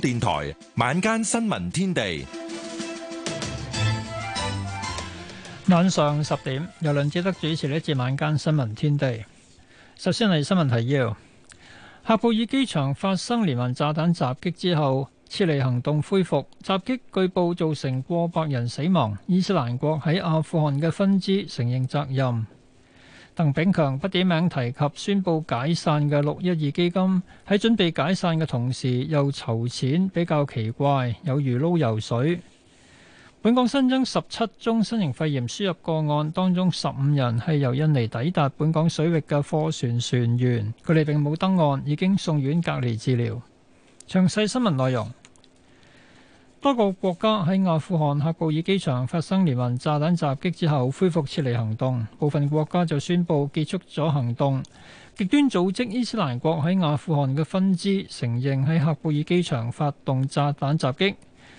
電台晚間新聞天地，晚上十點由梁志德主持呢節晚間新聞天地。首先係新聞提要：喀布爾機場發生連環炸彈襲擊之後，撤離行動恢復，襲擊據報造成過百人死亡。伊斯蘭國喺阿富汗嘅分支承認責任。鄧炳強不點名提及，宣布解散嘅六一二基金喺準備解散嘅同時，又籌錢，比較奇怪，有如撈油水。本港新增十七宗新型肺炎輸入個案，當中十五人係由印尼抵達本港水域嘅貨船船員，佢哋並冇登岸，已經送院隔離治療。詳細新聞內容。多個國家喺阿富汗喀布爾機場發生連環炸彈襲擊之後，恢復撤離行動。部分國家就宣布結束咗行動。極端組織伊斯蘭國喺阿富汗嘅分支承認喺喀布爾機場發動炸彈襲擊。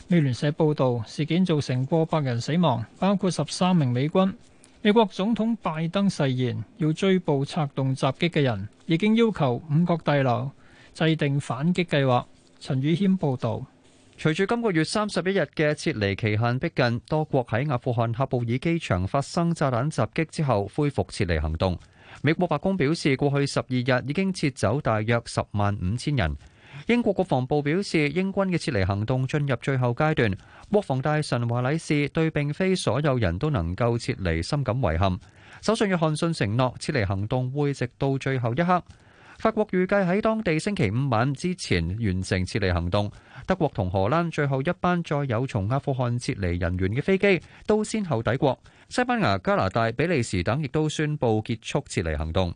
美聯社報導，事件造成過百人死亡，包括十三名美軍。美國總統拜登誓言要追捕策動襲擊嘅人，已經要求五角大樓制定反擊計劃。陳宇軒報導。隨住今個月三十一日嘅撤離期限逼近，多國喺阿富汗喀布爾機場發生炸彈襲擊之後，恢復撤離行動。美國白宮表示，過去十二日已經撤走大約十萬五千人。英國國防部表示，英軍嘅撤離行動進入最後階段。國防大臣華禮士對並非所有人都能夠撤離深感遺憾。首相約翰遜承諾，撤離行動會直到最後一刻。法國預計喺當地星期五晚之前完成撤離行動。德國同荷蘭最後一班再有從阿富汗撤離人員嘅飛機都先後抵國。西班牙、加拿大、比利時等亦都宣布結束撤離行動。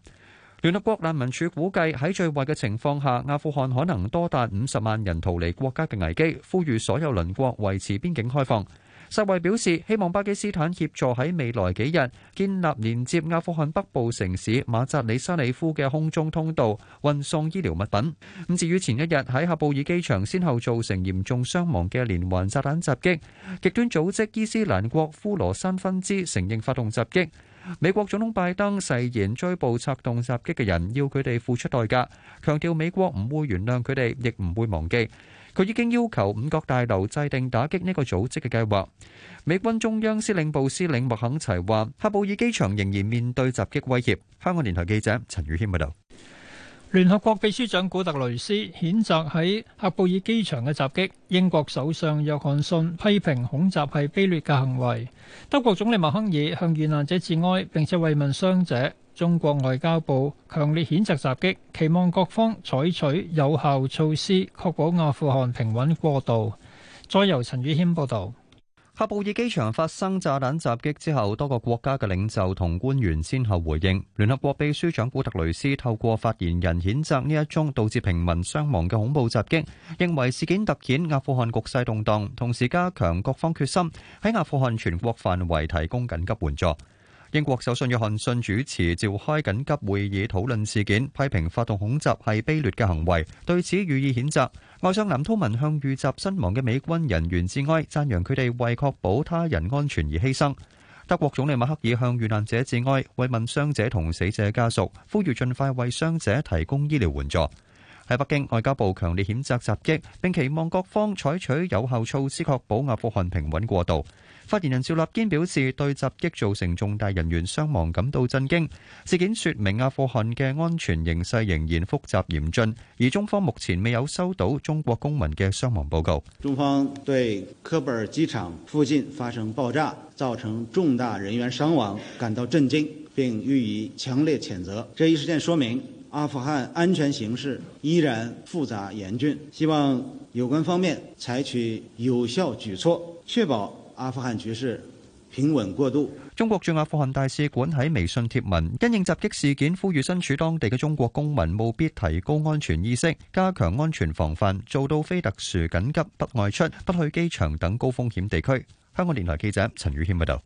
聯合國難民署估計喺最壞嘅情況下，阿富汗可能多達五十萬人逃離國家嘅危機，呼籲所有鄰國維持邊境開放。世衛表示希望巴基斯坦協助喺未來幾日建立連接阿富汗北部城市馬扎里沙里夫嘅空中通道，運送醫療物品。咁至於前一日喺喀布爾機場先後造成嚴重傷亡嘅連環炸彈襲擊，極端組織伊斯蘭國呼羅珊分支承認發動襲擊。美國總統拜登誓言追捕策動襲擊嘅人，要佢哋付出代價，強調美國唔會原諒佢哋，亦唔會忘記。佢已經要求五角大樓制定打擊呢個組織嘅計劃。美軍中央司令部司令麥肯齊話，喀布爾機場仍然面對襲擊威脅。香港電台記者陳宇軒報導。聯合國秘書長古特雷斯譴責喺喀布爾機場嘅襲擊。英國首相約翰遜批評恐襲係卑劣嘅行為。德國總理默克爾向遇難者致哀，並且慰問傷者。中國外交部強烈譴責襲擊，期望各方採取有效措施，確保阿富汗平穩過渡。再由陳宇謙報道。喀布爾機場發生炸彈襲擊之後，多個國家嘅領袖同官員先後回應。聯合國秘書長古特雷斯透過發言人譴責呢一宗導致平民傷亡嘅恐怖襲擊，認為事件突顯阿富汗局勢動盪，同時加強各方決心喺阿富汗全國範圍提供緊急援助。英國首相約翰遜主持召開緊急會議討論事件，批評發動恐襲係卑劣嘅行為，對此予以譴責。外相藍韜文向遇襲身亡嘅美軍人員致哀，讚揚佢哋為確保他人安全而犧牲。德國總理默克爾向遇難者致哀，慰問傷者同死者家屬，呼籲盡快為傷者提供醫療援助。喺北京，外交部強烈譴責襲擊，並期望各方採取有效措施，確保阿富汗平穩過渡。發言人趙立堅表示，對襲擊造成重大人員傷亡感到震驚。事件說明阿富汗嘅安全形勢仍然複雜嚴峻，而中方目前未有收到中國公民嘅傷亡報告。中方對喀布爾機場附近發生爆炸造成重大人員傷亡感到震驚，並予以強烈譴責。這一事件說明阿富汗安全形勢依然複雜嚴峻，希望有關方面採取有效舉措，確保。阿富汗局勢平穩過渡。中國駐阿富汗大使館喺微信貼文，因應襲擊事件，呼籲身處當地嘅中國公民務必提高安全意識，加強安全防範，做到非特殊緊急不外出、不去機場等高風險地區。香港電台記者陳宇謙報道。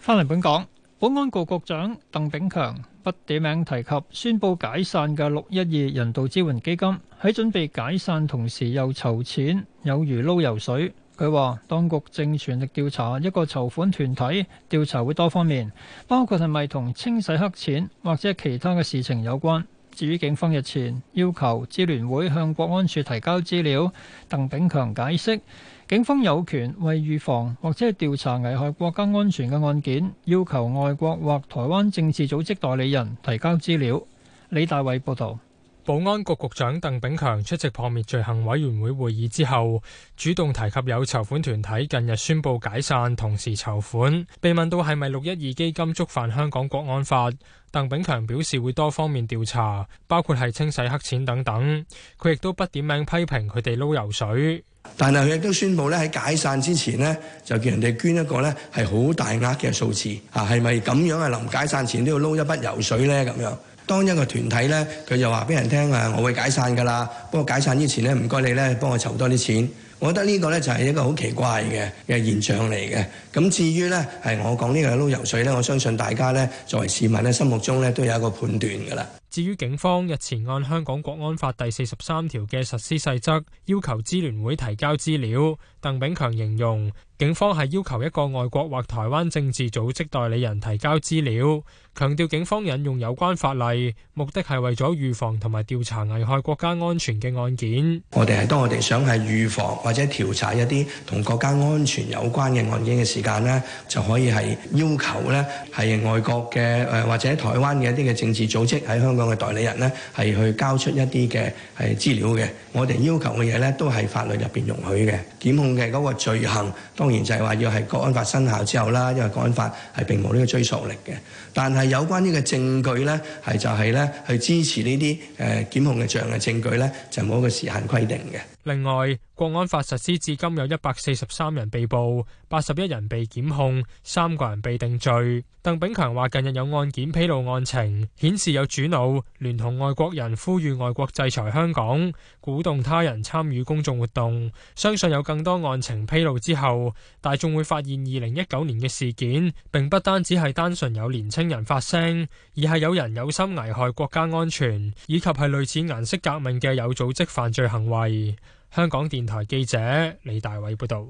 翻嚟本港，保安局局長鄧炳強不點名提及宣布解散嘅六一二人道支援基金，喺準備解散同時又籌錢，有如撈油水。佢話：當局正全力調查一個籌款團體，調查會多方面，包括係咪同清洗黑錢或者其他嘅事情有關。至於警方日前要求支聯會向國安處提交資料，鄧炳強解釋警方有權為預防或者係調查危害國家安全嘅案件，要求外國或台灣政治組織代理人提交資料。李大衛報道。保安局局長鄧炳強出席撲滅罪行委員會會議之後，主動提及有籌款團體近日宣布解散，同時籌款。被問到係咪六一二基金觸犯香港國安法，鄧炳強表示會多方面調查，包括係清洗黑錢等等。佢亦都不點名批評佢哋撈油水。但係佢亦都宣布咧喺解散之前呢就叫人哋捐一個呢係好大額嘅數字，吓係咪咁樣係臨解散前都要撈一筆油水呢？咁樣？當一個團體呢，佢就話俾人聽我會解散㗎啦。不過解散之前呢，唔該你呢，幫我籌多啲錢。我覺得呢個呢，就係一個好奇怪嘅嘅現象嚟嘅。咁至於呢，係我講呢個撈油水咧，我相信大家呢，作為市民咧，心目中呢，都有一個判斷嘅啦。至於警方日前按香港國安法第四十三條嘅實施細則要求支聯會提交資料，鄧炳強形容警方係要求一個外國或台灣政治組織代理人提交資料，強調警方引用有關法例，目的係為咗預防同埋調查危害國家安全嘅案件。我哋係當我哋想係預防或者調查一啲同國家安全有關嘅案件嘅時，但咧就可以係要求咧，係外國嘅誒、呃、或者台灣嘅一啲嘅政治組織喺香港嘅代理人咧，係去交出一啲嘅係資料嘅。我哋要求嘅嘢咧，都係法律入邊容許嘅。檢控嘅嗰個罪行，當然就係話要係《國安法》生效之後啦，因為《國安法》係並冇呢個追溯力嘅。但係有關呢個證據咧，係就係咧去支持呢啲誒檢控嘅罪行嘅證據咧，就冇一個時限規定嘅。另外，國安法實施至今，有一百四十三人被捕，八十一人被檢控，三個人被定罪。鄧炳強話：近日有案件披露案情，顯示有主腦聯同外國人呼籲外國制裁香港，鼓動他人參與公眾活動。相信有更多案情披露之後，大眾會發現二零一九年嘅事件，並不單止係單純有年青人發聲，而係有人有心危害國家安全，以及係類似顏色革命嘅有組織犯罪行為。香港電台記者李大偉報道：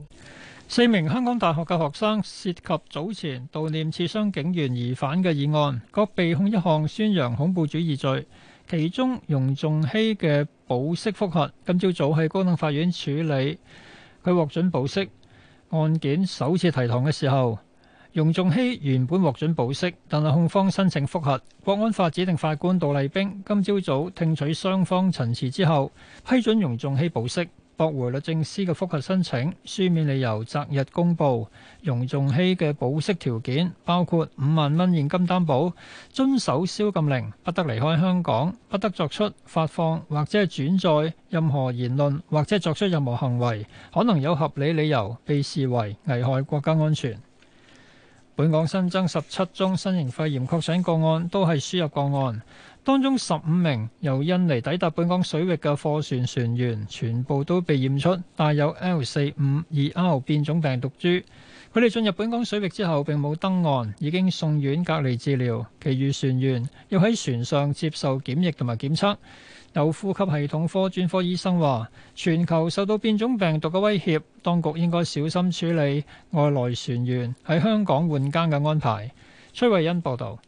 四名香港大學嘅學生涉及早前悼念刺傷警員疑犯嘅議案，各被控一項宣揚恐怖主義罪。其中容仲希嘅保釋覆核，今朝早喺高等法院處理，佢獲准保釋。案件首次提堂嘅時候。容仲希原本獲准保釋，但係控方申請覆核。國安法指定法官杜麗冰今朝早聽取雙方陳詞之後，批准容仲希保釋，駁回律政司嘅覆核申請，書面理由擇日公布。容仲希嘅保釋條件包括五萬蚊現金擔保，遵守宵禁令，不得離開香港，不得作出發放或者係轉載任何言論或者作出任何行為，可能有合理理由被視為危害國家安全。本港新增十七宗新型肺炎確診個案，都係輸入個案。當中十五名由印尼抵達本港水域嘅貨船船員全部都被驗出帶有 L 四五二 R 變種病毒株。佢哋進入本港水域之後並冇登岸，已經送院隔離治療。其餘船員要喺船上接受檢疫同埋檢測。有呼吸系統科專科醫生話：全球受到變種病毒嘅威脅，當局應該小心處理外來船員喺香港換更嘅安排。崔慧欣報道，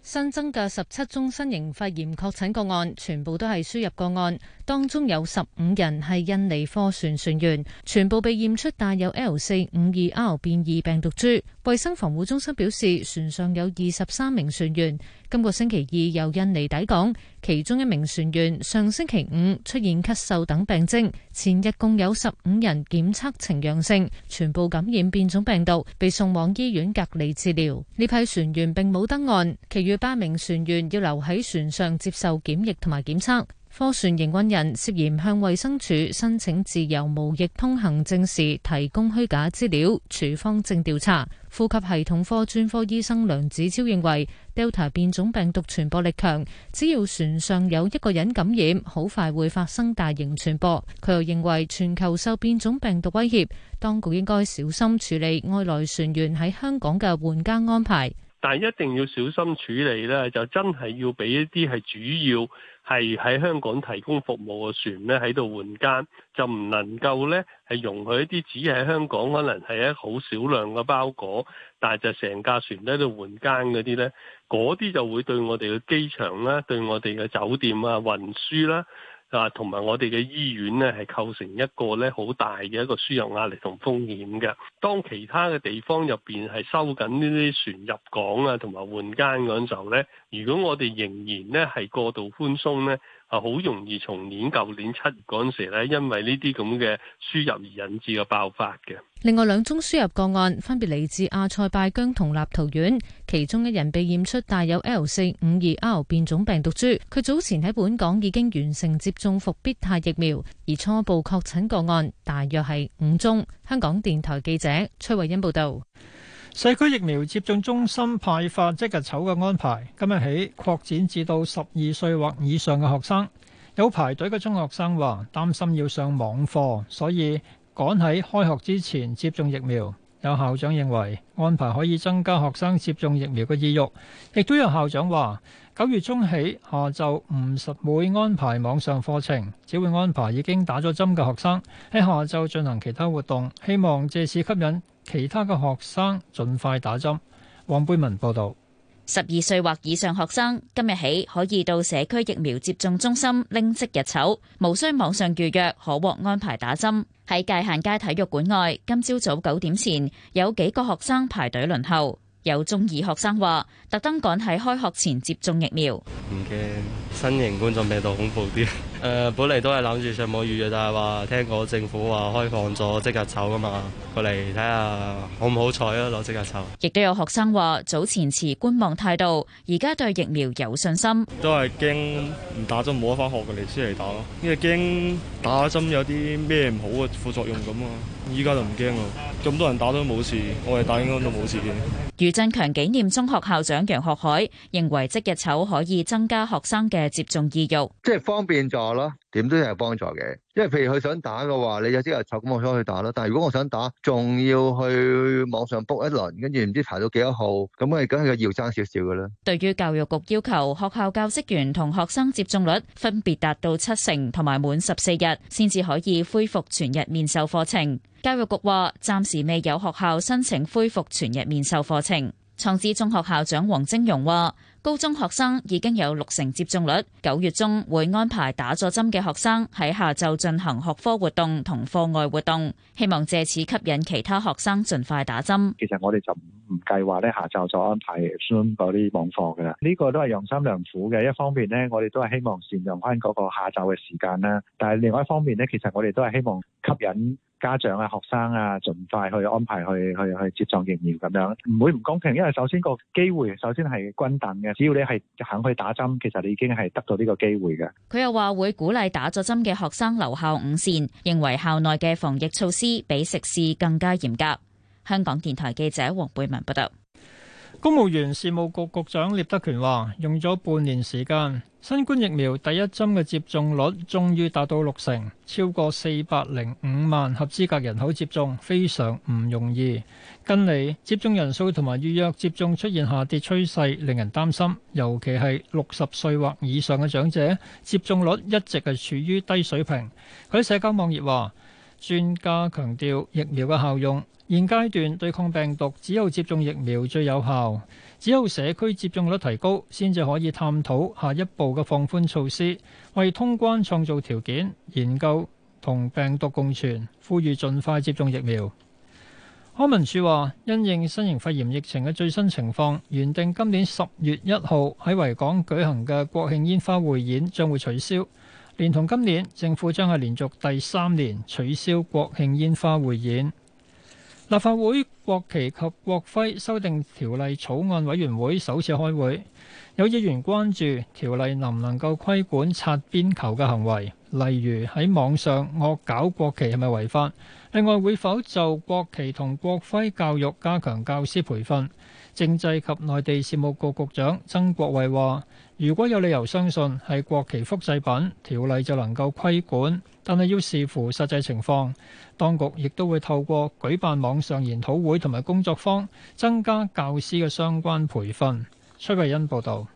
新增嘅十七宗新型肺炎確診個案，全部都係輸入個案。當中有十五人係印尼貨船船員，全部被驗出帶有 L 四五二 R 變異病毒株。衛生防護中心表示，船上有二十三名船員，今個星期二由印尼抵港，其中一名船員上星期五出現咳嗽等病徵，前日共有十五人檢測呈陽性，全部感染變種病毒，被送往醫院隔離治療。呢批船員並冇登岸，其餘八名船員要留喺船上接受檢疫同埋檢測。貨船營運人涉嫌向衛生署申請自由無疫通行證時提供虛假資料，處方正調查。呼吸系統科專科醫生梁子超認為，Delta 變種病毒傳播力強，只要船上有一個人感染，好快會發生大型傳播。佢又認為全球受變種病毒威脅，當局應該小心處理外來船員喺香港嘅換家安排。但一定要小心處理呢，就真係要俾一啲係主要。係喺香港提供服務嘅船咧，喺度換間就唔能夠咧，係容許一啲只係香港可能係一好少量嘅包裹，但係就成架船喺度換間嗰啲，呢嗰啲就會對我哋嘅機場啦，對我哋嘅酒店啊，運輸啦、啊。啊，同埋我哋嘅醫院咧，係構成一個咧好大嘅一個輸入壓力同風險嘅。當其他嘅地方入邊係收緊呢啲船入港啊，同埋換間嗰陣時候咧，如果我哋仍然咧係過度寬鬆咧。啊，好容易從年舊年七月嗰陣時呢，因為呢啲咁嘅輸入而引致嘅爆發嘅。另外兩宗輸入個案分別嚟自阿塞拜疆同立陶宛，其中一人被驗出帶有 L 四五二 R 變種病毒株，佢早前喺本港已經完成接種復必泰疫苗，而初步確診個案大約係五宗。香港電台記者崔慧欣報道。社區疫苗接種中心派發即日籌嘅安排，今日起擴展至到十二歲或以上嘅學生。有排隊嘅中學生話擔心要上網課，所以趕喺開學之前接種疫苗。有校長認為安排可以增加學生接種疫苗嘅意欲，亦都有校長話：九月中起下晝唔實會安排網上課程，只會安排已經打咗針嘅學生喺下晝進行其他活動，希望借此吸引其他嘅學生盡快打針。黃貝文報導。十二歲或以上學生今日起可以到社區疫苗接種中心拎即日籌，無需網上預約，可獲安排打針。喺界限街體育館外，今朝早九點前有幾個學生排隊輪候。有中二學生話，特登趕喺開學前接種疫苗。唔驚新型冠狀病毒恐怖啲。誒、呃，本嚟都係諗住上網預約，但係話聽過政府話開放咗即日籌噶嘛，過嚟睇下好唔好彩啊，攞即日籌。亦都有學生話，早前持觀望態度，而家對疫苗有信心。都係驚唔打針冇得翻學嘅，嚟先嚟打咯。因為驚打針有啲咩唔好嘅副作用咁啊。依家就唔驚咯，咁多人打都冇事，我哋打應該都冇事嘅。余振強紀念中學校長楊學海認為，即日籌可以增加學生嘅接種意欲，即係方便咗咯。點都係有幫助嘅，因為譬如佢想打嘅話，你有啲人湊咁，我想去打啦。但係如果我想打，仲要去網上 book 一輪，跟住唔知排到幾多號，咁我梗係要爭少少嘅啦。對於教育局要求學校教職員同學生接種率分別達到七成同埋滿十四日，先至可以恢復全日面授課程。教育局話暫時未有學校申請恢復全日面授課程。創智中學校長黃晶蓉話。高中學生已經有六成接種率，九月中會安排打咗針嘅學生喺下晝進行學科活動同課外活動，希望借此吸引其他學生盡快打針。其實我哋就唔計劃咧下晝再安排 Zoom 嗰啲網課噶啦，呢個都係用心良苦嘅。一方面咧，我哋都係希望善用翻嗰個下晝嘅時間啦。但係另外一方面咧，其實我哋都係希望吸引家長啊、學生啊，盡快去安排去去去接種疫苗咁樣，唔會唔公平。因為首先個機會首先係均等嘅。只要你係肯去打針，其實你已經係得到呢個機會嘅。佢又話會鼓勵打咗針嘅學生留校午膳，認為校內嘅防疫措施比食肆更加嚴格。香港電台記者黃貝文報道。公務員事務局局長聶德權話：用咗半年時間，新冠疫苗第一針嘅接種率終於達到六成，超過四百零五萬合資格人口接種，非常唔容易。近嚟接種人數同埋預約接種出現下跌趨勢，令人擔心，尤其係六十歲或以上嘅長者接種率一直係處於低水平。佢喺社交網頁話。專家強調疫苗嘅效用，現階段對抗病毒只有接種疫苗最有效，只有社區接種率提高，先至可以探討下一步嘅放寬措施，為通關創造條件，研究同病毒共存，呼籲盡快接種疫苗。康文署話，因應新型肺炎疫情嘅最新情況，原定今年十月一號喺維港舉行嘅國慶煙花匯演將會取消。連同今年，政府將係連續第三年取消國慶煙花匯演。立法會國旗及國徽修訂條例草案委員會首次開會，有議員關注條例能唔能夠規管擦邊球嘅行為，例如喺網上惡搞國旗係咪違法？另外，會否就國旗同國徽教育加強教師培訓？政制及內地事務局局長曾國衛話：如果有理由相信係國旗複製品，條例就能夠規管，但係要視乎實際情況。當局亦都會透過舉辦網上研討會同埋工作坊，增加教師嘅相關培訓。崔慧欣報導。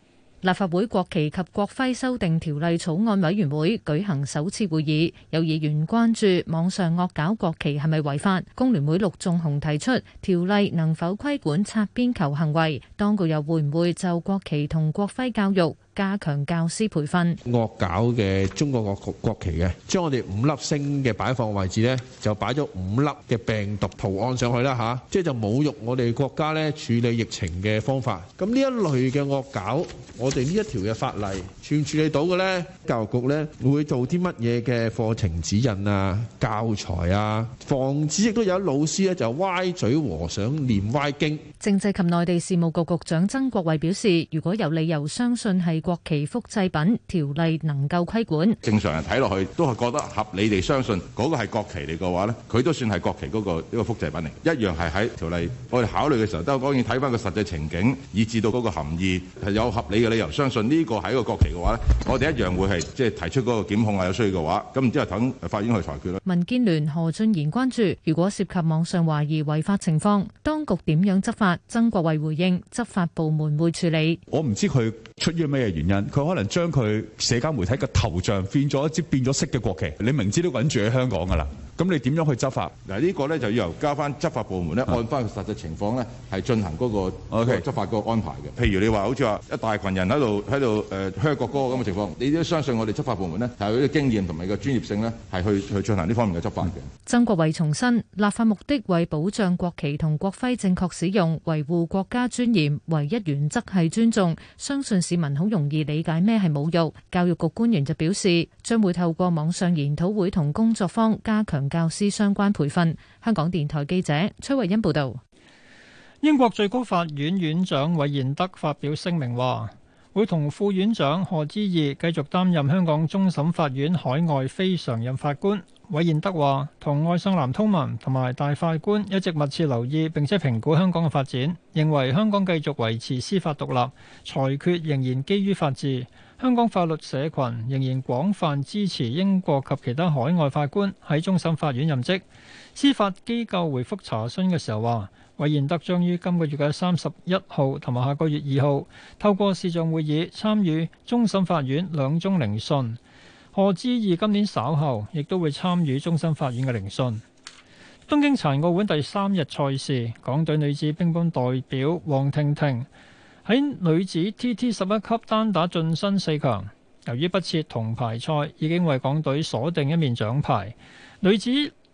立法會國旗及國徽修訂條例草案委員會舉行首次會議，有議員關注網上惡搞國旗係咪違法？工聯會陸仲雄提出條例能否規管擦邊球行為？當局又會唔會就國旗同國徽教育？加強教師培訓，惡搞嘅中國國國旗嘅，將我哋五粒星嘅擺放位置呢，就擺咗五粒嘅病毒圖案上去啦吓、啊，即係就侮辱我哋國家呢，處理疫情嘅方法。咁呢一類嘅惡搞，我哋呢一條嘅法例，全處理到嘅呢，教育局呢會做啲乜嘢嘅課程指引啊、教材啊，防止亦都有老師呢就歪嘴和尚念歪經。政制及內地事務局局長曾國衛表示，如果有理由相信係國旗複製品，條例能夠規管。正常人睇落去都係覺得合理地相信嗰個係國旗嚟嘅話呢，佢都算係國旗嗰個一個複製品嚟，一樣係喺條例我哋考慮嘅時候都可以睇翻個實際情景，以至到嗰個含義係有合理嘅理由相信呢個係一個國旗。嘅話，我哋一樣會係即係提出嗰個檢控，係有需要嘅話，咁之後就等法院去裁決啦。民建聯何俊賢關注，如果涉及網上懷疑違法情況，當局點樣執法？曾國衛回應，執法部門會處理。我唔知佢出於咩嘢原因，佢可能將佢社交媒體嘅頭像變咗一支變咗色嘅國旗。你明知都揾住喺香港噶啦。咁你點樣去執法？嗱，呢個咧就要由加翻執法部門咧，按翻實際情況咧，係進行嗰個執法個安排嘅。譬如你話好似話一大羣人喺度喺度誒 hurt 國歌咁嘅情況，你都相信我哋執法部門咧係有啲經驗同埋個專業性咧，係去去進行呢方面嘅執法嘅。曾國衛重申，立法目的為保障國旗同國徽正確使用，維護國家尊嚴，唯一原則係尊重。相信市民好容易理解咩係侮辱。教育局官員就表示，將會透過網上研討會同工作坊加強。教師相關培訓。香港電台記者崔慧欣報道。英國最高法院院長韋彥德發表聲明話，會同副院長賀知義繼續擔任香港終審法院海外非常任法官。韋彥德話，同外上南通文同埋大法官一直密切留意，並且評估香港嘅發展，認為香港繼續維持司法獨立，裁決仍然基於法治。香港法律社群仍然廣泛支持英國及其他海外法官喺終審法院任職。司法機構回覆查詢嘅時候話，韋彥德將於今個月嘅三十一號同埋下個月二號透過視像會議參與終審法院兩宗聆訊。賀知義今年稍後亦都會參與終審法院嘅聆訊。東京殘奧會第三日賽事，港隊女子乒乓代表王婷婷。喺女子 TT 十一級單打晉身四強，由於不設銅牌賽，已經為港隊鎖定一面獎牌。女子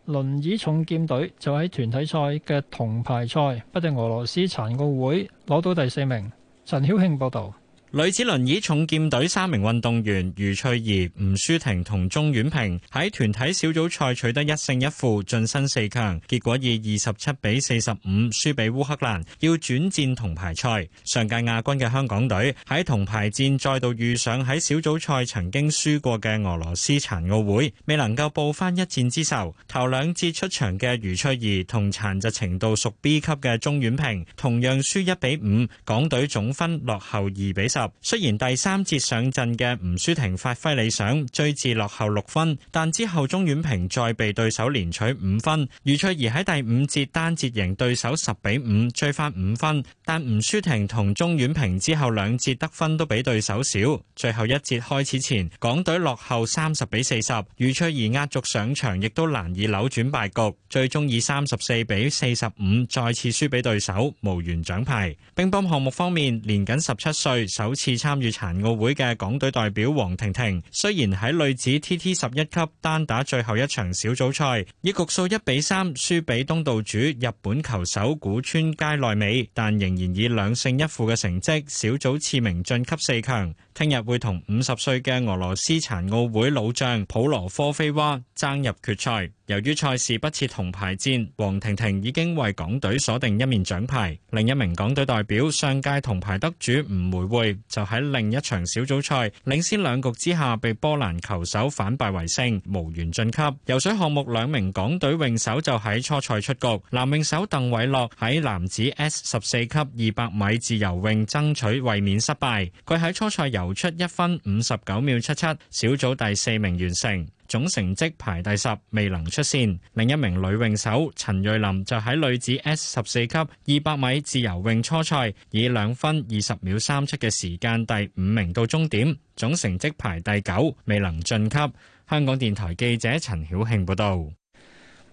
輪椅重劍隊就喺團體賽嘅銅牌賽不敵俄羅斯殘奧會，攞到第四名。陳曉慶報道。女子輪椅重劍隊三名運動員余翠怡、吳舒婷同鍾遠平喺團體小組賽取得一勝一負，晉身四強。結果以二十七比四十五輸俾烏克蘭，要轉戰銅牌賽。上屆亞軍嘅香港隊喺銅牌戰再度遇上喺小組賽曾經輸過嘅俄羅斯殘奧會，未能夠報翻一戰之仇。頭兩節出場嘅余翠怡同殘疾程度屬 B 級嘅鐘遠平，同樣輸一比五，港隊總分落後二比十。雖然第三節上陣嘅吳舒婷發揮理想，追至落後六分，但之後鍾婉萍再被對手連取五分。余翠怡喺第五節單節贏對手十比五，追翻五分。但吳舒婷同鍾婉萍之後兩節得分都比對手少。最後一節開始前，港隊落後三十比四十，余翠怡壓軸上場，亦都難以扭轉敗局，最終以三十四比四十五再次輸俾對手，無緣獎牌。乒乓項目方面，年僅十七歲。首次參與殘奧會嘅港隊代表黃婷婷，雖然喺女子 TT 十一級單打最後一場小組賽以局數一比三輸俾東道主日本球手古川佳奈美，但仍然以兩勝一負嘅成績小組次名晉級四強。聽日會同五十歲嘅俄羅斯殘奧會老將普羅科菲娃爭入決賽。由於賽事不設銅牌戰，王婷婷已經為港隊鎖定一面獎牌。另一名港隊代表上屆銅牌得主吳梅慧就喺另一場小組賽領先兩局之下，被波蘭球手反敗為勝，無緣晉級。游水項目兩名港隊泳手就喺初賽出局。男泳手鄧偉樂喺男子 S 十四級二百米自由泳爭取衛冕失敗，佢喺初賽游。遊出一分五十九秒七七，小組第四名完成，總成績排第十，未能出線。另一名女泳手陳瑞琳就喺女子 S 十四級二百米自由泳初賽，以兩分二十秒三七嘅時間第五名到終點，總成績排第九，未能晉級。香港電台記者陳曉慶報道。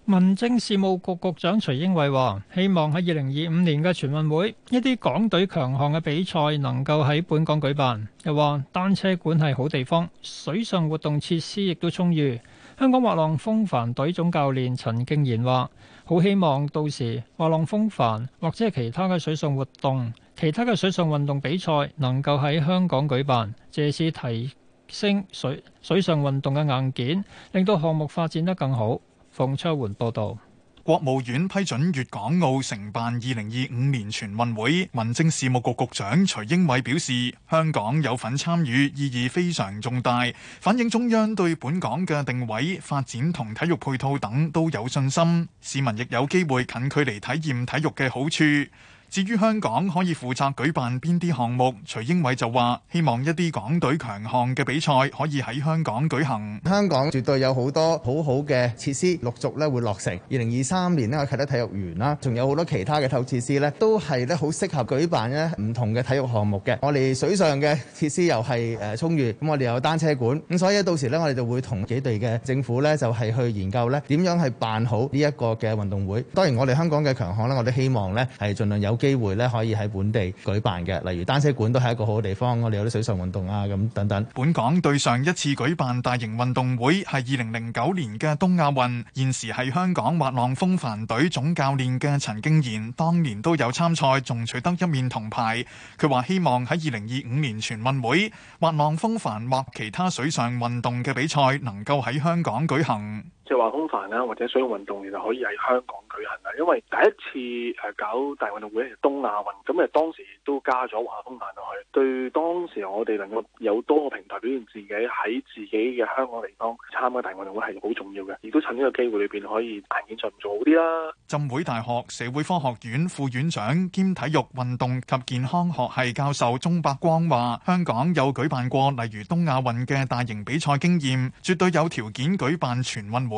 民政事務局局長徐英偉話：希望喺二零二五年嘅全運會，一啲港隊強項嘅比賽能夠喺本港舉辦。又話單車館係好地方，水上活動設施亦都充裕。香港滑浪風帆隊總教練陳敬賢話：好希望到時滑浪風帆或者其他嘅水上活動，其他嘅水上運動比賽能夠喺香港舉辦，借此提升水水上運動嘅硬件，令到項目發展得更好。馮秋桓報道，國務院批准粵港澳承辦二零二五年全運會。民政事務局局長徐英偉表示，香港有份參與，意義非常重大，反映中央對本港嘅定位、發展同體育配套等都有信心，市民亦有機會近距離體驗體育嘅好處。至於香港可以負責舉辦邊啲項目，徐英偉就話：希望一啲港隊強項嘅比賽可以喺香港舉行。香港絕對有好多好好嘅設施，陸續咧會落成。二零二三年咧，啟德體育園啦，仲有好多其他嘅設施咧，都係咧好適合舉辦咧唔同嘅體育項目嘅。我哋水上嘅設施又係誒充裕，咁我哋有單車館，咁所以到時呢，我哋就會同幾隊嘅政府呢就係去研究咧點樣去辦好呢一個嘅運動會。當然，我哋香港嘅強項呢，我都希望呢係儘量有。機會咧可以喺本地舉辦嘅，例如單車館都係一個好地方，我哋有啲水上運動啊，咁等等。本港對上一次舉辦大型運動會係二零零九年嘅東亞運，現時係香港滑浪風帆隊總教練嘅陳敬賢，當年都有參賽，仲取得一面銅牌。佢話希望喺二零二五年全運會滑浪風帆或其他水上運動嘅比賽能夠喺香港舉行。即係話風帆啦，或者水上運動，其實可以喺香港舉行啦。因為第一次誒搞大運動會係東亞運，咁誒當時都加咗華風帆落去，對當時我哋能夠有多個平台表現自己喺自己嘅香港地方參加大運動會係好重要嘅，亦都趁呢個機會裏邊可以大件賽，做好啲啦。浸會大學社會科學院副院長兼體育運動及健康學系教授鍾伯光話，香港有舉辦過例如東亞運嘅大型比賽經驗，絕對有條件舉辦全運會。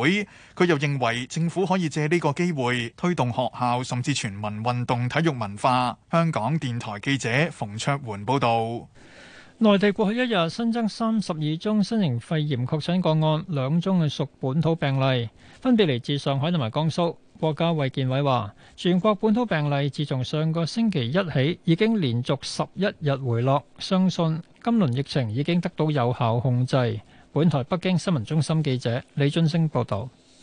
佢又認為政府可以借呢個機會推動學校，甚至全民運動體育文化。香港電台記者馮卓桓報導。內地過去一日新增三十二宗新型肺炎確診個案，兩宗係屬本土病例，分別嚟自上海同埋江蘇。國家衛健委話，全國本土病例自從上個星期一起已經連續十一日回落，相信今輪疫情已經得到有效控制。本台北京新聞中心記者李津升報道。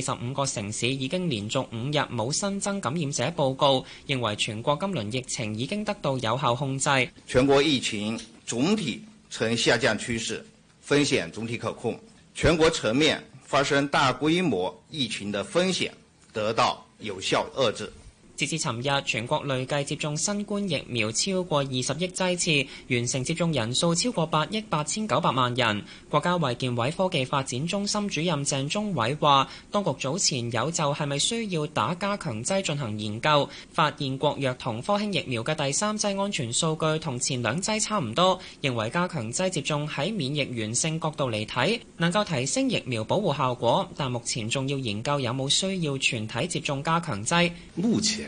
四十五個城市已經連續五日冇新增感染者報告，認為全國今輪疫情已經得到有效控制。全國疫情總體呈下降趨勢，風險總體可控，全國層面發生大規模疫情的風險得到有效遏制。截至尋日，全國累計接種新冠疫苗超過二十億劑次，完成接種人數超過八億八千九百萬人。國家衛健委科技發展中心主任鄭忠偉話，當局早前有就係咪需要打加強劑進行研究，發現國藥同科興疫苗嘅第三劑安全數據同前兩劑差唔多，認為加強劑接種喺免疫原性角度嚟睇，能夠提升疫苗保護效果，但目前仲要研究有冇需要全體接種加強劑。目前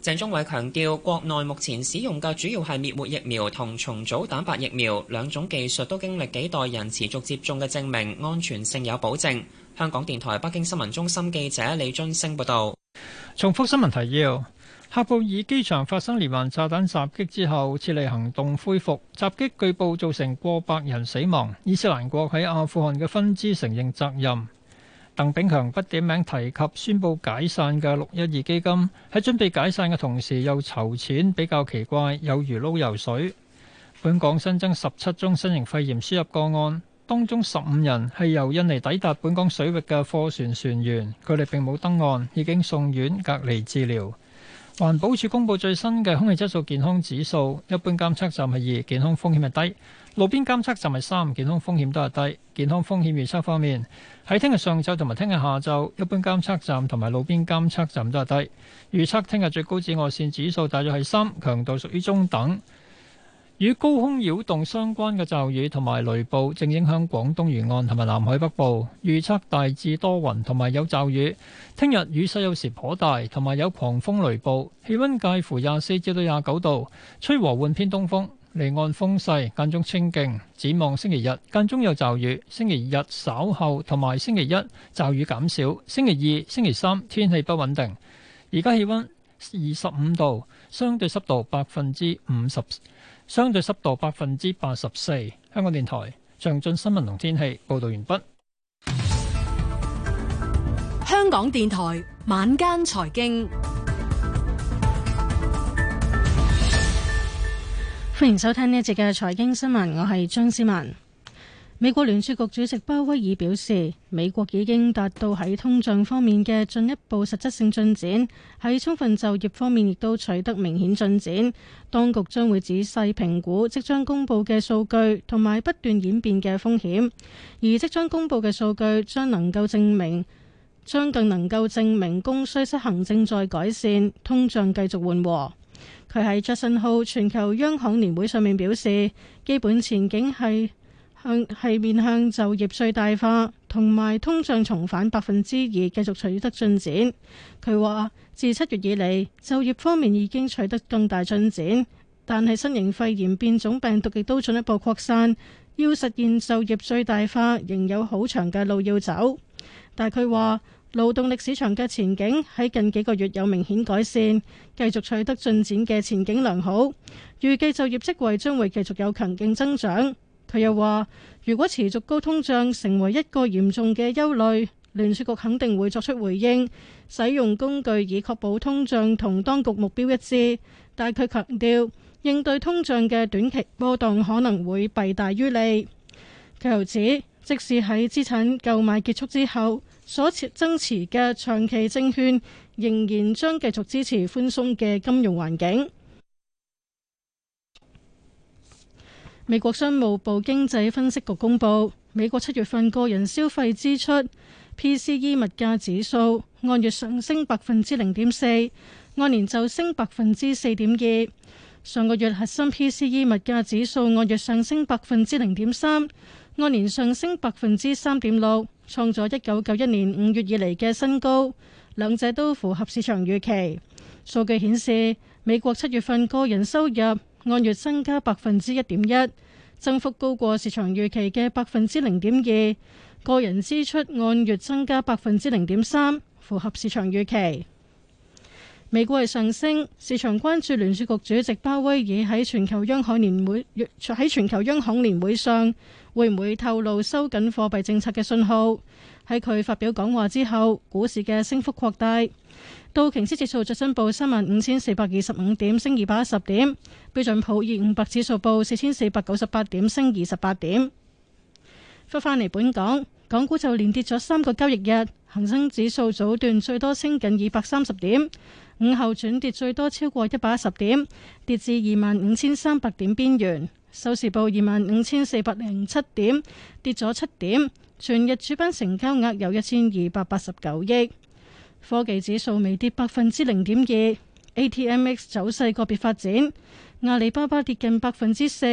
鄭中偉強調，國內目前使用嘅主要係滅活疫苗同重組蛋白疫苗兩種技術，都經歷幾代人持續接種嘅證明，安全性有保證。香港電台北京新聞中心記者李俊升報道。重複新聞提要：喀布爾機場發生連環炸彈襲擊之後，撤離行動恢復。襲擊據報造成過百人死亡。伊斯蘭國喺阿富汗嘅分支承認責任。鄧炳強不點名提及宣布解散嘅六一二基金，喺準備解散嘅同時又籌錢，比較奇怪，有魚撈油水。本港新增十七宗新型肺炎輸入個案，當中十五人係由印尼抵達本港水域嘅貨船船員，佢哋並冇登岸，已經送院隔離治療。環保署公布最新嘅空氣質素健康指數，一般監測站係二，健康風險係低。路邊監測站係三，健康風險都係低。健康風險預測方面，喺聽日上晝同埋聽日下晝，一般監測站同埋路邊監測站都係低。預測聽日最高紫外線指數大約係三，強度屬於中等。與高空擾動相關嘅驟雨同埋雷暴正影響廣東沿岸同埋南海北部，預測大致多雲同埋有驟雨。聽日雨勢有時頗大，同埋有狂風雷暴。氣溫介乎廿四至到廿九度，吹和緩偏東風。離岸風勢間中清勁，展望星期日間中有驟雨，星期日稍後同埋星期一驟雨減少，星期二、星期三天氣不穩定。而家氣溫二十五度，相對濕度百分之五十，相對濕度百分之八十四。香港電台詳盡新聞同天氣報道完畢。香港電台晚間財經。歡迎收聽呢一節嘅財經新聞，我係張思文。美國聯儲局主席鮑威爾表示，美國已經達到喺通脹方面嘅進一步實質性進展，喺充分就業方面亦都取得明顯進展。當局將會仔細評估即將公佈嘅數據同埋不斷演變嘅風險，而即將公佈嘅數據將能夠證明，將更能夠證明供需失衡正在改善，通脹繼續緩和。佢喺扎信浩全球央行年會上面表示，基本前景係向係面向就業最大化，同埋通脹重返百分之二繼續取得進展。佢話自七月以嚟，就業方面已經取得更大進展，但係新型肺炎變種病毒亦都進一步擴散，要實現就業最大化仍有好長嘅路要走。但佢話，勞動力市場嘅前景喺近幾個月有明顯改善，繼續取得進展嘅前景良好。預計就業職位將會繼續有強勁增長，佢又話如果持續高通脹成為一個嚴重嘅憂慮，聯儲局肯定會作出回應，使用工具以確保通脹同當局目標一致。但佢強調應對通脹嘅短期波動可能會弊大於利。佢又指，即使喺資產購買結束之後。所持增持嘅長期證券仍然將繼續支持寬鬆嘅金融環境。美國商務部經濟分析局公布，美國七月份個人消費支出 PCE 物價指數按月上升百分之零點四，按年就升百分之四點二。上個月核心 PCE 物價指數按月上升百分之零點三，按年上升百分之三點六。創咗一九九一年五月以嚟嘅新高，兩者都符合市場預期。數據顯示，美國七月份個人收入按月增加百分之一點一，增幅高過市場預期嘅百分之零點二；個人支出按月增加百分之零點三，符合市場預期。美股係上升，市場關注聯儲局主席鮑威爾喺全球央行年會喺全球央行年會上會唔會透露收緊貨幣政策嘅信號。喺佢發表講話之後，股市嘅升幅擴大。道瓊斯指數最新報三萬五千四百二十五點，升二百一十點。標準普爾五百指數報四千四百九十八點，升二十八點。翻返嚟本港，港股就連跌咗三個交易日。恒生指數早段最多升近二百三十點，午後轉跌最多超過一百一十點，跌至二萬五千三百點邊緣。收市報二萬五千四百零七點，跌咗七點。全日主板成交額有一千二百八十九億。科技指數微跌百分之零點二。ATMX 走勢個別發展，阿里巴巴跌近百分之四，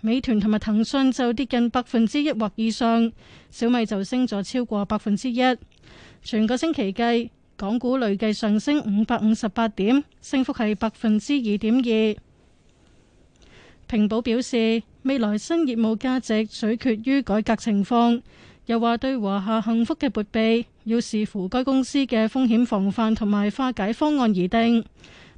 美團同埋騰訊就跌近百分之一或以上，小米就升咗超過百分之一。全個星期計，港股累計上升五百五十八點，升幅係百分之二點二。平保表示，未來新業務價值取決於改革情況，又話對華夏幸福嘅撥備要視乎該公司嘅風險防範同埋化解方案而定。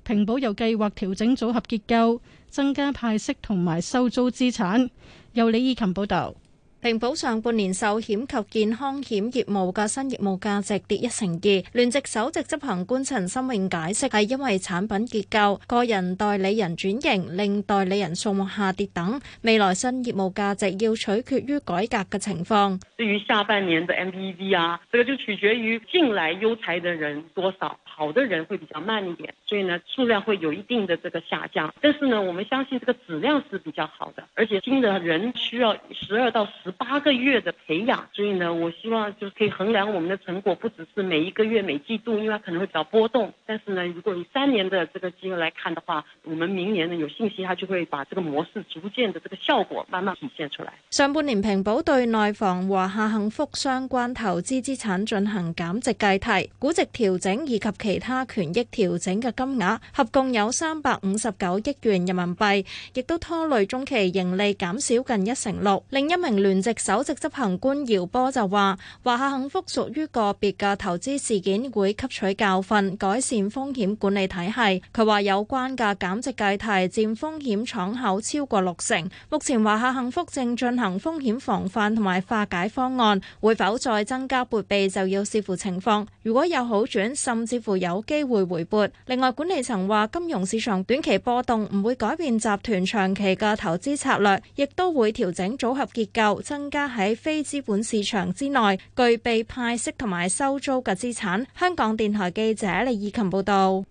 平保又計劃調整組合結構，增加派息同埋收租資產。由李義琴報道。平保上半年壽險及健康險業務嘅新業務價值跌一成二，聯席首席執行官陳心穎解釋係因為產品結構、個人代理人轉型、令代理人數目下跌等，未來新業務價值要取決於改革嘅情況。對於下半年嘅 MVV 啊，這個就取決於進來優才的人多少，好的人會比較慢一點，所以呢數量會有一定的這個下降，但是呢我們相信這個質量是比較好的，而且新的人需要十二到十八個月的培養，所以呢，我希望就是可以衡量我們的成果，不只是每一個月，每季度，因為可能會比較波動。但是呢，如果以三年的這個金額來看的話，我們明年呢有信心，它就會把這個模式逐漸的這個效果慢慢體現出來。上半年，平保對內房華夏幸福相關投資資產進行減值計提、估值調整以及其他權益調整嘅金額，合共有三百五十九億元人民幣，亦都拖累中期盈利減少近一成六。另一名聯直首席執行官姚波就話：華夏幸福屬於個別嘅投資事件，會吸取教訓，改善風險管理體系。佢話有關嘅減值計提佔風險敞口超過六成，目前華夏幸福正進行風險防範同埋化解方案，會否再增加撥備就要視乎情況。如果有好轉，甚至乎有機會回撥。另外，管理層話金融市場短期波動唔會改變集團長期嘅投資策略，亦都會調整組合結構。增加喺非資本市場之內具備派息同埋收租嘅資產。香港電台記者李以琴報道。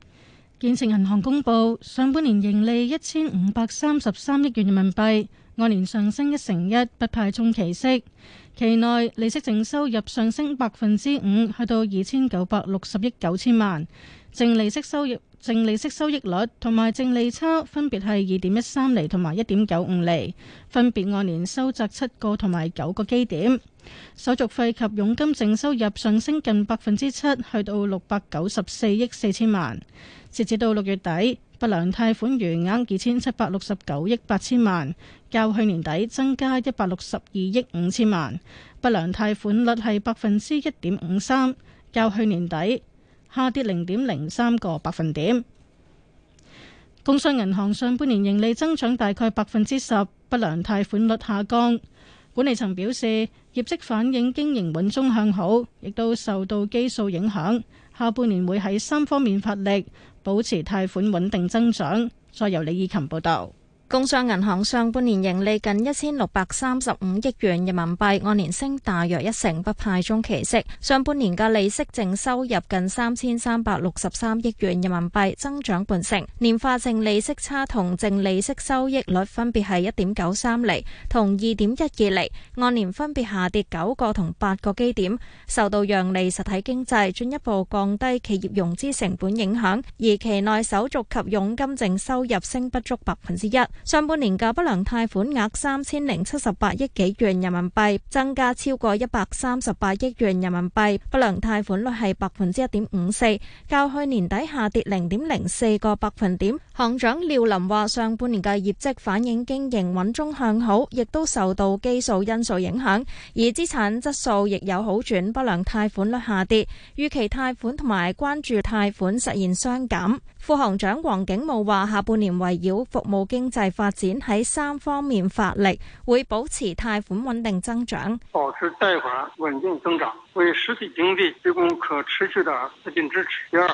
建成銀行公布上半年盈利一千五百三十三億元人民幣。按年上升一成一，不派中期息。期內利息淨收入上升百分之五，去到二千九百六十億九千萬。淨利息收入，淨利息收益率同埋淨利差分別係二點一三厘同埋一點九五厘，分別按年收窄七個同埋九個基點。手續費及佣金淨收入上升近百分之七，去到六百九十四億四千萬。截至到六月底。不良貸款餘額二千七百六十九億八千萬，較去年底增加一百六十二億五千萬。不良貸款率係百分之一點五三，較去年底下跌零點零三個百分點。工商銀行上半年盈利增長大概百分之十，不良貸款率下降。管理層表示業績反映經營穩中向好，亦都受到基數影響。下半年會喺三方面發力。保持貸款穩定增長，再由李以琴報道。工商銀行上半年盈利近一千六百三十五億元人民幣，按年升大約一成，不派中期息。上半年嘅利息淨收入近三千三百六十三億元人民幣，增長半成。年化淨利息差同淨利息收益率，分別係一點九三厘同二點一二厘，按年分別下跌九個同八個基點。受到讓利實體經濟、進一步降低企業融資成本影響，而期內手續及佣金淨收入升不足百分之一。上半年嘅不良貸款額三千零七十八億幾元人民幣，增加超過一百三十八億元人民幣。不良貸款率係百分之一點五四，較去年底下跌零點零四個百分點。行長廖林話：上半年嘅業績反映經營穩中向好，亦都受到基數因素影響，而資產質素亦有好轉，不良貸款率下跌，預期貸款同埋關注貸款實現雙減。副行長黃景武話：下半年圍繞服務經濟發展喺三方面發力，會保持貸款穩定增長，保持貸款穩定增長，為實體經濟提供可持續的資金支持。第二，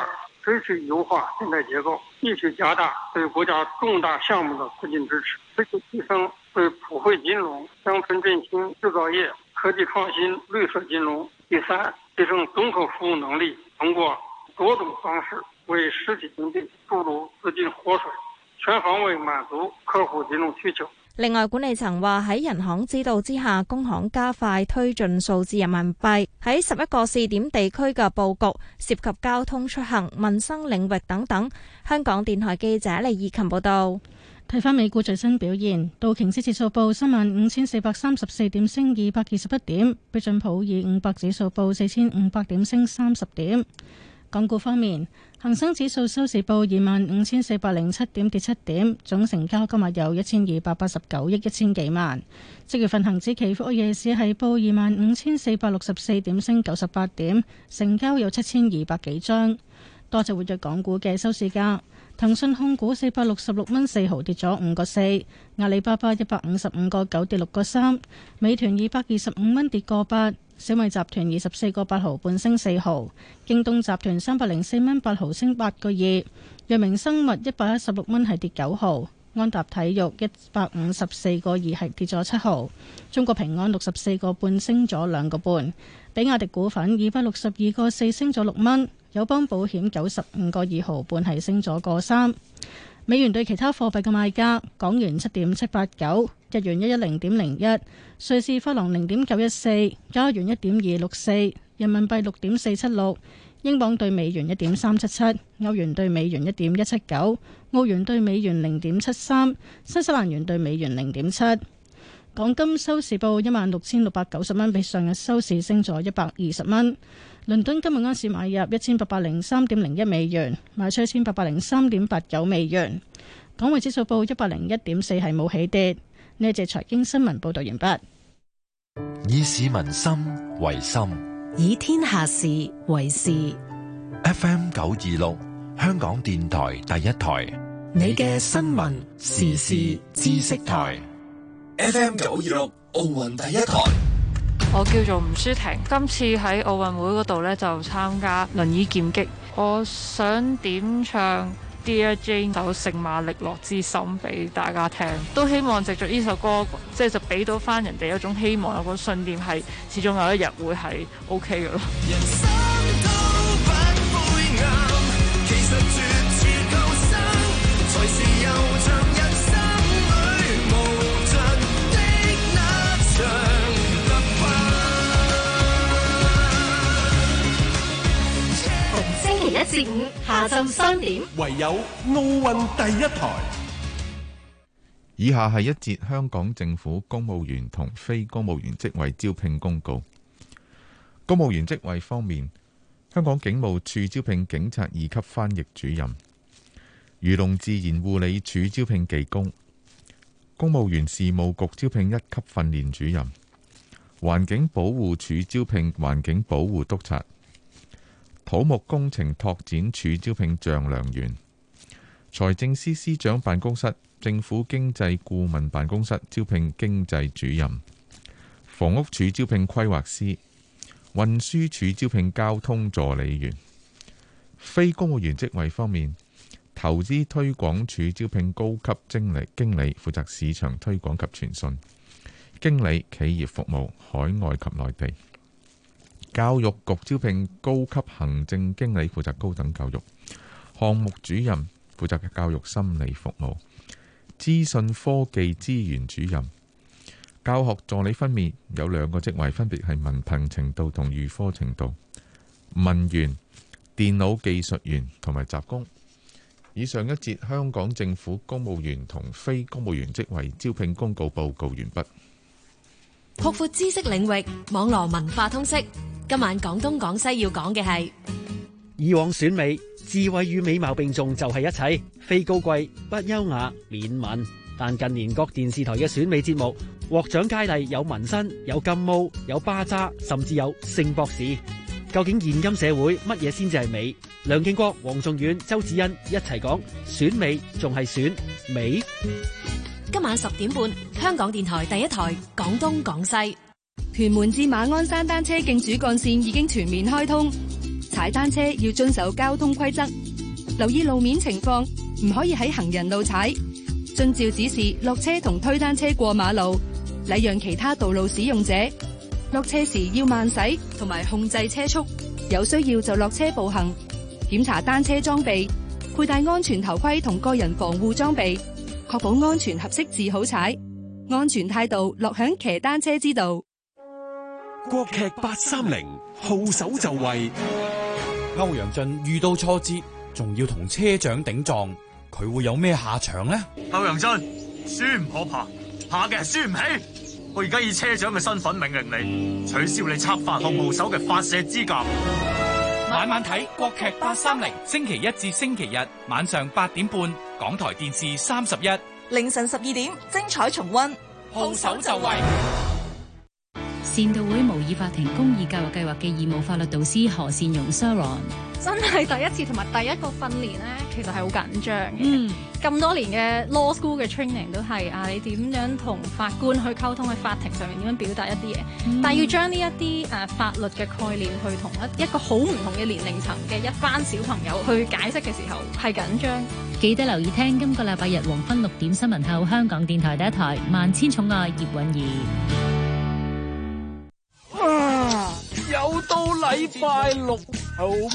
持續優化信貸結構，繼續加大對國家重大項目的資金支持，持續提升對普惠金融、鄉村振興、製造業、科技創新、綠色金融。第三，提升綜合服務能力，通過多種方式。為實體經濟注入資金活水，全方位滿足客戶金融需求。另外，管理層話喺人行指導之下，工行加快推進數字人民幣喺十一個試點地區嘅布局，涉及交通出行、民生領域等等。香港電台記者李以琴報道。睇翻美股最新表現，道瓊斯指數報三萬五千四百三十四點，升二百二十一點；標準普爾五百指數報四千五百點，升三十點。港股方面，恒生指數收市報二萬五千四百零七點，跌七點，總成交今日有一千二百八十九億一千幾萬。即月份恒指期貨夜市係報二萬五千四百六十四點，升九十八點，成交有七千二百幾張。多隻活躍港股嘅收市價，騰訊控股四百六十六蚊四毫跌咗五個四，阿里巴巴一百五十五個九跌六個三，美團二百二十五蚊跌個八。小米集團二十四個八毫半升四毫，京東集團三百零四蚊八毫升八個二，藥明生物一百一十六蚊係跌九毫，安踏體育一百五十四個二係跌咗七毫，中國平安六十四個半升咗兩個半，比亞迪股份二百六十二個四升咗六蚊，友邦保險九十五個二毫半係升咗個三。美元對其他貨幣嘅賣價：港元七點七八九，日元一一零點零一，瑞士法郎零點九一四，加元一點二六四，人民幣六點四七六，英鎊對美元一點三七七，歐元對美元一點一七九，澳元對美元零點七三，新西蘭元對美元零點七。港金收市報一萬六千六百九十蚊，比上日收市升咗一百二十蚊。倫敦今日安市買入一千八百零三點零一美元，賣出一千八百零三點八九美元。港匯指數報一百零一點四，係冇起跌。呢一節財經新聞報道完畢。以市民心為心，以天下事為事。FM 九二六，香港電台第一台。你嘅新聞時事知識台。FM 九二六，澳門第一台。我叫做吳舒婷，今次喺奧運會嗰度咧就參加輪椅劍擊。我想點唱 Dear Jane 首《聖馬力諾之心》俾大家聽，都希望藉着呢首歌，即係就俾到翻人哋一種希望，有個信念係，始終有一日會係 OK 噶咯。 三點，唯有奧運第一台。以下係一節香港政府公務員同非公務員職位招聘公告。公務員職位方面，香港警務處招聘警察二級翻譯主任；漁農自然護理署招聘技工；公務員事務局招聘一級訓練主任；環境保護署招聘環境保護督察。土木工程拓展署招聘丈量員，財政司司長辦公室、政府經濟顧問辦公室招聘經濟主任，房屋署招聘規劃師，運輸署招聘交通助理員。非公務員職位方面，投資推廣署招聘高級經理，經理負責市場推廣及傳訊，經理企業服務海外及內地。教育局招聘高級行政經理，負責高等教育，項目主任，負責教育心理服務，資訊科技資源主任、教學助理，分別有兩個職位，分別係文憑程度同預科程度文員、電腦技術員同埋雜工。以上一節香港政府公務員同非公務員職位招聘公告，報告完畢。擴闊知識領域，網羅文化通識。今晚講東講西要講嘅係以往選美，智慧與美貌並重就係一切，非高貴不優雅，免問。但近年各電視台嘅選美節目，獲獎佳麗有紋身、有金毛、有巴渣，甚至有性博士。究竟現今社會乜嘢先至係美？梁建國、黃仲遠、周子恩一齊講選美仲係選美。今晚十點半，香港電台第一台《廣東廣西》。屯門至馬鞍山單車徑主幹線已經全面開通，踩單車要遵守交通規則，留意路面情況，唔可以喺行人路踩。遵照指示落車同推單車過馬路，禮讓其他道路使用者。落車時要慢駛同埋控制車速，有需要就落車步行。檢查單車裝備，佩戴安全頭盔同個人防護裝備。確保安全，合適至好踩。安全態度，樂享騎單車之道。國劇八三零號手就位。歐陽俊遇到挫折，仲要同車長頂撞，佢會有咩下場呢？歐陽俊，輸唔可怕，怕嘅係輸唔起。我而家以車長嘅身份命令你，取消你策劃號手嘅發射資格。晚晚睇國劇八三零，星期一至星期日晚上八點半，港台電視三十一，凌晨十二點精彩重温，鋪手就位，善道會無。以法庭公義教育計劃嘅義務法律導師何善容 Siron，真係第一次同埋第一個訓練呢其實係好緊張嗯，咁多年嘅 law school 嘅 training 都係啊，你點樣同法官去溝通喺法庭上面，點樣表達一啲嘢？嗯、但要將呢一啲誒法律嘅概念去同一一個好唔同嘅年齡層嘅一班小朋友去解釋嘅時候，係緊張。記得留意聽今個禮拜日黃昏六點新聞後，香港電台第一台《萬千寵愛葉韻儀》。又到禮拜六。萬